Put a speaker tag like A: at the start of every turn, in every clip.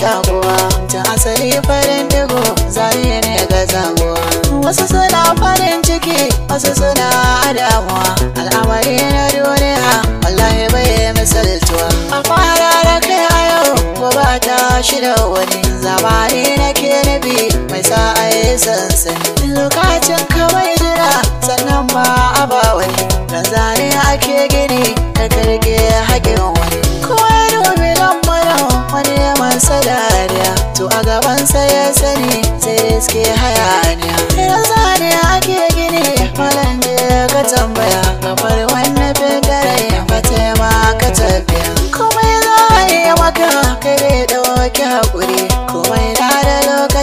A: shakuwa ta asali farin digo zari ne ga zamuwa wasu suna farin ciki wasu suna adawa al'amari na duniya wallahi bai misaltuwa a fara raka a yau gobe ta shi wani zamani na ke nufi mai sa'ai sansani lokacin kawai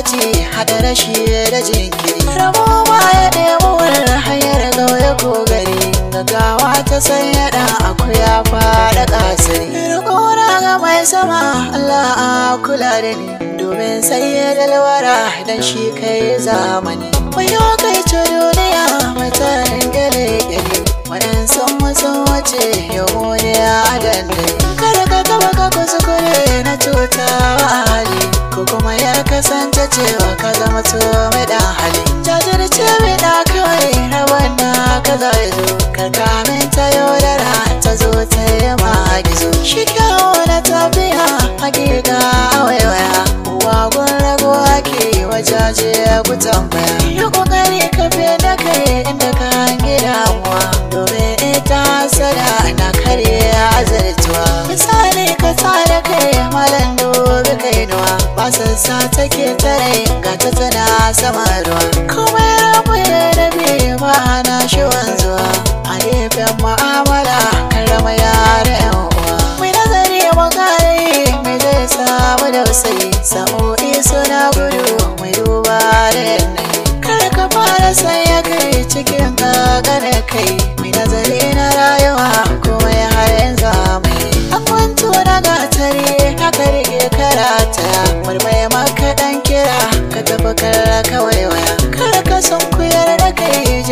A: ce hada rashi da jinkiri Rabuwa ya ɗebo wannan hanyar gauye kogari gari gaggawa ta san aku akuya faɗa ƙasari rikora ga mai sama Allah a kula da ni domin sai ya dalwara don shi kai zamani wayo kai ce duniya mai tarin gele gele waɗansu musu wace yawon ya a 街は風待つ a sassa take tare ga ta tana sama ruwa kuma ya ya rabe ba hana shi wanzuwa a gefen ma'amala karama yara yan uwa mai nazari mu kare mai zai samu dausayi sa'o'i suna gudu mai duba da yanayi kar ka fara sai ya kai cikin gagarin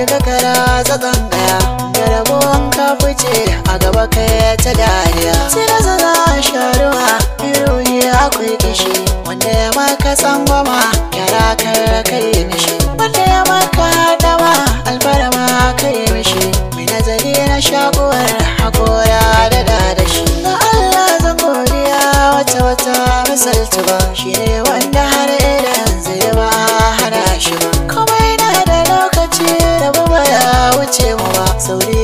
A: shiga kara tsatsan daya da rabuwan ka fice a gaba kai ta dariya sai na zana sharuwa iruhi akwai kishi wanda ya maka tsango so